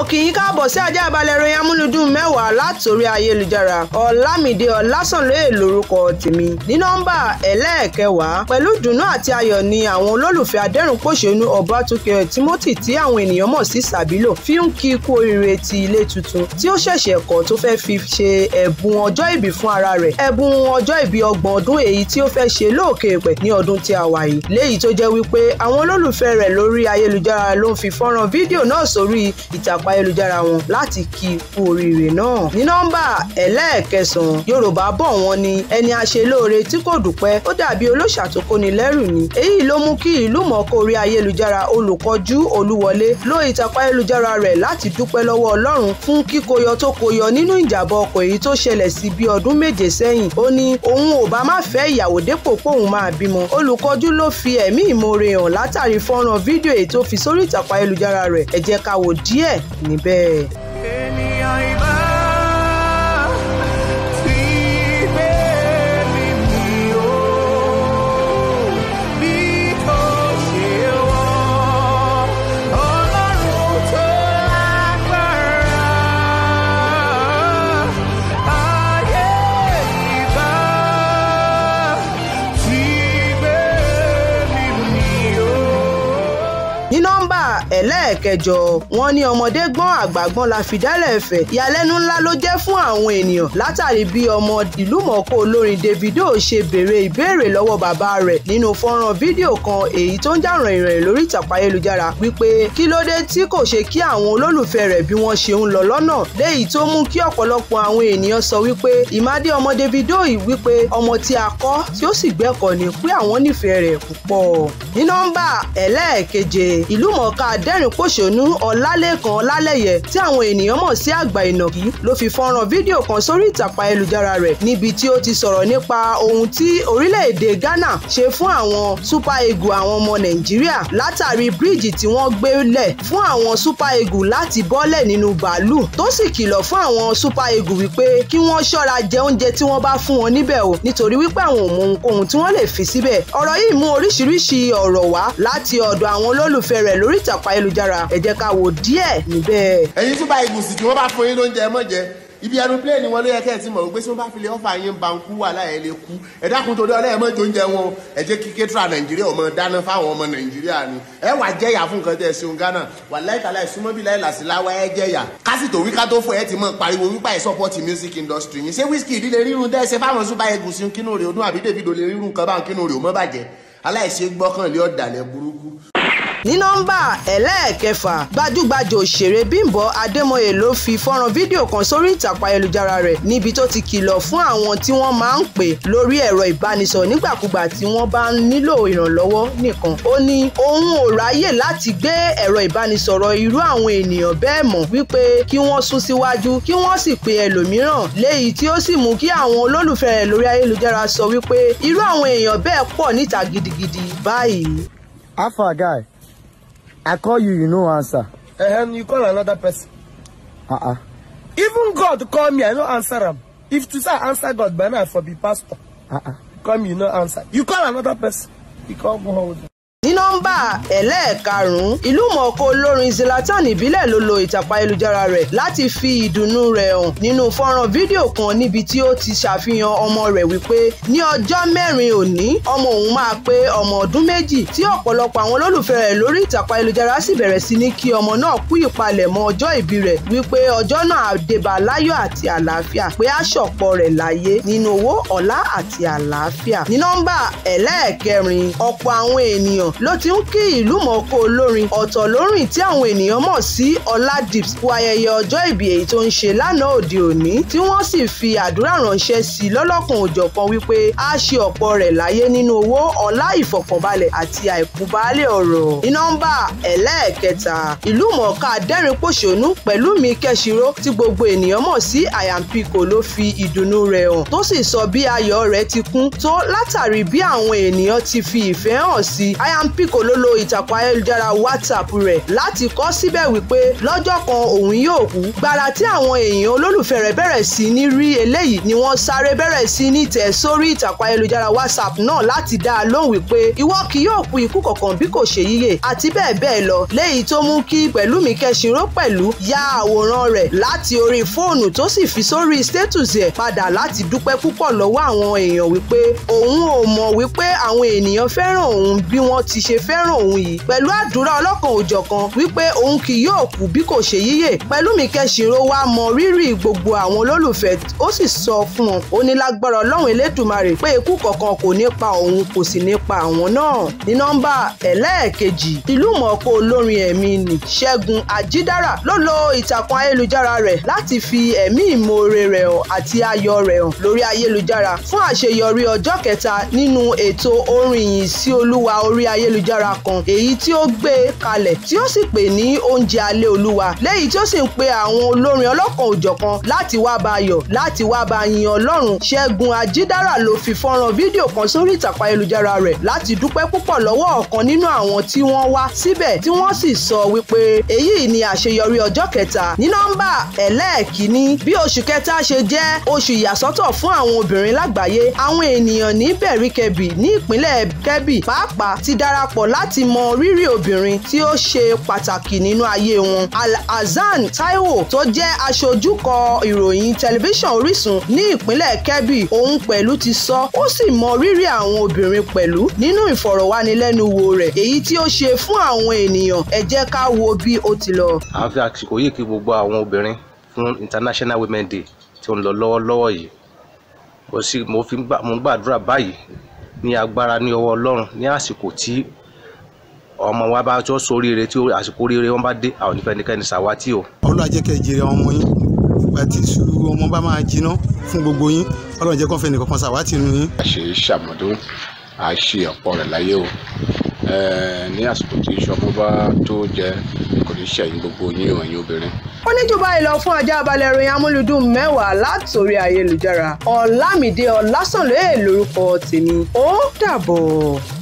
mo kì í káàbọ̀ sí ajá balẹ̀ ìròyìn amúlùdùn mẹ́wàá látòrí ayélujára ọ̀làmìdé ọ̀làsànlóye lórúkọ tèmi ní nọ́mbà ẹlẹ́ẹ̀kẹwàá pẹ̀lú dùnú àti ayọ̀ ni àwọn olólùfẹ́ adẹ́rùnpòṣónú ọ̀bátúkẹ timothy tí àwọn ènìyàn mọ̀ sí sàbílò fi ń kí ikú oríire ti ilé tuntun tí ó ṣẹ̀ṣẹ̀ kọ́ tó fẹ́ fi ṣe ẹ̀bùn ọjọ́ ìbí fún ara rẹ̀ ẹ̀bùn ọjọ́ ìbí ọgbọ̀n ọdún èyí tí ó fẹ́ ṣe lóòkè pẹ̀ ní ọdún tí a wà yìí léyìí tó jẹ́ wípé àwọn olólùfẹ́ rẹ̀ lórí ayélujára ló ń fi fọ́nrán fídíò náà sórí ìtàkùn ayélujára wọn láti kí i kú oríire náà. ní nọ́mbà ẹlẹ́ẹ̀kẹsàn-án yorùbá bọ̀ wọ́n ni ẹni aṣelóore tí kò dúpẹ́ ó dàbí olóṣà tó kóni lẹ́rù ni èyí ló mú kí ìlú mọ̀ọ́ká orí ayélujára olùkọ́jú olúwọlé lo ìtàkùn ayélujára rẹ̀ láti dúpẹ́ lọ́wọ́ ọlọ́run fún kíkoyọ tó koyọ nínú ìjàmbá ọkọ̀ èyí tó ṣẹlẹ̀ sí bí ọdún méje sẹ́yìn ó ní òun ò bá má fẹ́ ìyàwó dépò póun máa bímọ olùkọ́jú ló fi ẹ̀mí ìmoore hàn látàrí fọ́nrán fídíò èyí tó fi sórí ìtàkùn ayélujára rẹ̀ ẹ jẹ́ ká wò díẹ̀ 你被。ẹlẹ́ẹ̀kẹjọ wọn ní ọmọdé gbọ́n àgbà gbọ́n la fìdálẹ̀ ẹ̀fẹ̀ ìyàlẹ́nu ńlá ló jẹ́ fún àwọn ènìyàn látàrí bí ọmọ ìlúmọ̀ọ́ká olórin Davido ṣe béèrè ìbéèrè lọ́wọ́ bàbá rẹ̀ nínú fọ́nrán fídíò kan èyí tó ń jà rìnrìn lórí ìtàkùn ayélujára wípé kí ló dé tí kò ṣe kí àwọn olólùfẹ́ rẹ̀ bí wọ́n ṣe ń lọ lọ́nà léyìí tó mú kí ọ̀pọ̀lọpọ̀ àwọn ènìyàn sọ wípé ìmádé ọmọ Davido yìí wípé ọmọ tí a kọ́ tí ó sì gbẹ́kọ̀ ni pé àwọn nífẹ̀ẹ́ rẹ̀ púpọ̀ ní nọ́mbà ẹlẹ́ẹ̀keje ìlúmọ̀ọ́ká dẹ́rìn Òṣónú Ọlálékan Ọlálẹ̀yẹ tí àwọn ènìyàn mọ̀ sí àgbà ìnàkí ló fi fọ́nrán fídíò kan sórí ìtàpá ayélujára rẹ̀ níbi tí ó ti sọ̀rọ̀ nípa ohun tí orílẹ̀-èdè Ghana ṣe fún àwọn Super Eagle àwọn ọmọ Nàìjíríà látàrí bíríìjì tí wọ́n gbé lẹ̀ fún àwọn Super Eagle láti bọ́lẹ̀ nínú bàálù tó sì kìlọ̀ fún àwọn Super Eagle wípé kí wọ́n ṣọ́ra jẹ oúnjẹ tí wọ́n bá fún wọn níbẹ̀ o nítorí wípé àwọn ò mọ ohunkóhun tí wọ́n lè fi síbẹ̀ ọ̀rọ̀ yìí mú oríṣiríṣi ọ̀rọ̀ wá láti ọ̀dọ̀ àwọn olólùfẹ́ rẹ̀ lórí ìtàpá ayélujára lára ẹ jẹ́ ká wo díẹ̀ níbẹ̀. ẹ̀yin tún bá ibùsùn tí wọ́n bá fún yín lóúnjẹ mọ́ jẹ ibi aeroplane wọn ló yẹ kẹ́ ẹ̀ ti mọ̀ wípé tí wọ́n bá fi lè ọ́fà yín bankú wà láyé lè kú ẹ dákun torí ọlẹ́yẹ mọ́ tó ń jẹ wọn ẹ jẹ́ kí kẹ́tìrà nàìjíríà ọmọ dáná fáwọn ọmọ nàìjíríà ni ẹ wà jẹ́yà fún nǹkan tẹ́ ẹ ṣeun Ghana wà láìkàlà ìsúnmọ́ bí láìlàsí láwa ẹ jẹ́yà kásìtò wíká tó fọ ẹ ti mọ̀ pariwo wípa ẹ̀ support music industry yín ṣé wíṣkì ìdílé rírun dẹ́ ṣe fáwọn súpa ẹgùsùn kínú rè odún àbí Davido lè rírun kan báwọn kínú rè ó mọ́ bàjẹ́ aláìṣe gbọ́kànlé ọ̀dàlẹ̀ burúkú ní nọ́mbà ẹlẹ́ẹ̀kẹfà gbajúgbajù òṣèré Bímbọ́ Adémọ́yè ló fi fọ́nrán fídíò kan sórí ìtàkùn ayélujára rẹ̀ níbi tó ti kìlọ̀ fún àwọn tí wọ́n máa ń pè lórí ẹ̀rọ ìbánisọ̀rọ̀ nígbàkúgbà tí wọ́n bá ń nílò ìrànlọ́wọ́ nìkan ó ní òun ò ráyè láti gbé ẹ̀rọ ìbánisọ̀rọ̀ irú àwọn ènìyàn bẹ́ẹ̀ mọ̀ wípé kí wọ́n sún síwájú kí wọ́n sì pe ẹlòmíràn léyìí tí ó sì mú kí àwọn olólùfẹ́ rẹ̀ lórí ayélujára sọ wípé irú àwọn èèyàn bẹ́ẹ̀ pọ̀ níta gidigidi báyìí. afa guy I call you, you no answer. Eh, and you call another person. Uh-uh. Even God call me, I no answer him. If to say answer God, by now for be pastor. Uh-uh. Come, you no answer. You call another person. You call God nọ́mbà ẹlẹ́ẹ̀karùn-ún ìlúmọ̀ọ́ká olórin Zlatan ìbílẹ̀ ló lo ìtàpá ayélujára rẹ̀ láti fi ìdùnnú rẹ̀ hàn nínú fọ́nrán fídíò kan níbi tí ó ti ṣàfihàn ọmọ rẹ̀ wípé ní ọjọ́ mẹ́rin òní ọmọ òun máa pé ọmọ ọdún méjì tí ọ̀pọ̀lọpọ̀ àwọn olólùfẹ́ rẹ̀ lórí ìtàpá ayélujára sì bẹ̀rẹ̀ sí ní kí ọmọ náà kú ìpalẹ̀mọ́ ọjọ́ ìbí rẹ̀ wípé ọjọ́ náà àdébà láyọ̀ àti àlàáfíà pé á ṣọ̀pọ̀ rẹ̀ láyé nínú owó ọlá àti àlàáfíà ní nọ́mbà ẹlẹ́ẹ̀kẹrin ọ̀pọ̀ àwọn ènìyàn ló ti ń kí ìlú mọ̀ọ́kọ olórin ọ̀tọ̀ lórin tí àwọn ènìyàn mọ̀ sí ọlá dips kú ayẹyẹ ọjọ́ ìbí èyí tó ń ṣe lánàá òde òní tí wọ́n sì fi àdúrà ránṣẹ́ sí i lọ́lọ́kùn òjọ̀kan wípé a ṣe ọ̀pọ̀ rẹ̀ láyé nínú owó ọlá ìfọ̀kànbalẹ̀ àti àìkúbálẹ̀ ọ̀rọ̀ ní nọ́mbà ẹlẹ́ẹ̀kẹta ìlú mọ̀ọ́ká adẹ́rìnpòṣónú Pẹ̀lúmi Kẹ́ṣirò tí gbogbo ènìyàn mọ̀ sí àyànpíkò ló fi ìdùnnú rẹ̀ hàn tó sì sọ bí ayọ̀ rẹ̀ ti kún tó látàrí bí àwọn ènìyàn ti fi ìfẹ́ olólò ìtàkùn ayélujára WhatsApp rẹ̀ láti kọ síbẹ̀ wípé lọ́jọ́ kan òun yóò kú gbàrà tí àwọn èèyàn olólùfẹ́ rẹ̀ bẹ̀rẹ̀ sí ní rí eléyìí ni wọ́n sáré bẹ̀rẹ̀ sí ní tẹ̀ sórí ìtàkùn ayélujára WhatsApp náà láti dá a lóhùn wípé ìwọ kì yóò kú ikú kankan bí kò ṣe yíyè àti bẹ́ẹ̀ bẹ́ẹ̀ lọ léyìí tó mú kí Pẹ̀lúmi Kẹ́ṣìnrò pẹ̀lú ya àwòrán rẹ̀ láti orí fóònù tó sì fi sórí status ẹ̀ padà láti dúpẹ́ púpọ̀ lọ́wọ́ àwọn èèyàn wípé òun ò mọ̀ wípé àwọn ènìyàn fẹ́ràn òun bí wọ́n ti ṣe fẹ́ràn òun yìí pẹ̀lú àdúrà ọlọ́kan òjọ̀kan wípé òun kì yóò kú bí kò ṣe yíyè Pẹ̀lúmi Kẹ́ṣìnrò wa mọ rírì gbogbo àwọn olólùfẹ́ ó sì sọ fún wọn ó ní lágbára Ọlọ́run Elédùmarè pé ikú kankan kò ní pa òun kò sì ní pa àwọn náà ní nọ́mbà ẹlẹ́ẹ̀kejì ìlú mọ̀ọ́kọ olórin ẹ̀mí ni Ṣẹ́gun Ajídára ló lo ìtàkùn ayélujára rẹ̀ láti fi ẹ̀mí ìmoore rẹ̀ hàn àti ayọ̀ rẹ̀ hàn lórí ayélujára fún àṣeyọrí ọjọ́ kẹta nínú ètò orin ìyìn sí Olúwa orí ayélujára ayélujára kan èyí tí ó gbé e kalẹ̀ tí ó sì pè ní oúnjẹ alẹ́ olúwa léyìí tí ó sì ń pe àwọn olórin ọlọ́kan òjọ̀kan láti wá bá ayọ̀ láti wá bá yin ọlọ́run ṣẹ́gun ajídára ló fi fọ́nrán fídíò kan sórí ìtàkùn ayélujára rẹ̀ láti dúpẹ́ púpọ̀ lọ́wọ́ ọ̀kan nínú àwọn tí wọ́n wá síbẹ̀ tí wọ́n sì sọ wípé èyí ni àṣeyọrí ọjọ́ kẹta ní nọ́mbà ẹlẹ́ẹ̀kínní bí oṣù kẹta ṣe jẹ́ oṣù ìyàsọ́tọ̀ fún àwọn obìnrin lágbàáyé àwọn ènìyàn ní bẹ̀ríkẹbì ní ìpínlẹ̀ kẹbì pàápàá ti darapọ̀ ọ̀pọ̀ láti mọ rírì obìnrin tí ó ṣe pàtàkì nínú ayé wọn. Alhassan Taiwo tó jẹ́ aṣojúkọ ìròyìn tẹlifíṣàn Orísun ní ìpínlẹ̀ Kebbi òun pẹ̀lú ti sọ ó sì mọ rírì àwọn obìnrin pẹ̀lú nínú ìfọ̀rọ̀wánilẹ́nuwò rẹ̀ èyí tí ó ṣe fún àwọn ènìyàn ẹ jẹ́ ká wo bí ó ti lọ. a fi àsìkò yìí kí gbogbo àwọn obìnrin fún International Women Day tí ó ń lọ lọ́wọ́lọ́wọ́ yìí mo sì mo fi mo gbàdúrà báyìí ní agbára ní ọwọ́ Ọlọ́run ní àsìkò tí ọmọ wa bá tó sórí rere tí àsìkò rere wọn bá dé àwọn onífẹ́nikẹ́ni ṣàwátì o. ọlọ́run ajẹ́kẹ́ ìjèrè ọmọ yín ìgbà tí sùúrù ọmọ bá máa jiná fún gbogbo yín ọlọ́run jẹ́ kọ́fẹ́ nìkan kan ṣàwátì nù yín. a ṣe ṣàmọ́dó a ṣe ọ̀pọ̀ rẹ̀ láyé o ní àsìkò tí ìṣọmọ bá tó jẹ kò ní ṣẹ̀yìn gbogbo yín o ẹ̀yin obìnrin. ó ní dubai lọ fún ajá balẹ̀ ìròyìn amúlùdùn mẹ́wàá látòrí ayélujára ọ̀làmídé ọ̀làsànlẹ̀ lórúkọ tèmi ó dàbọ̀.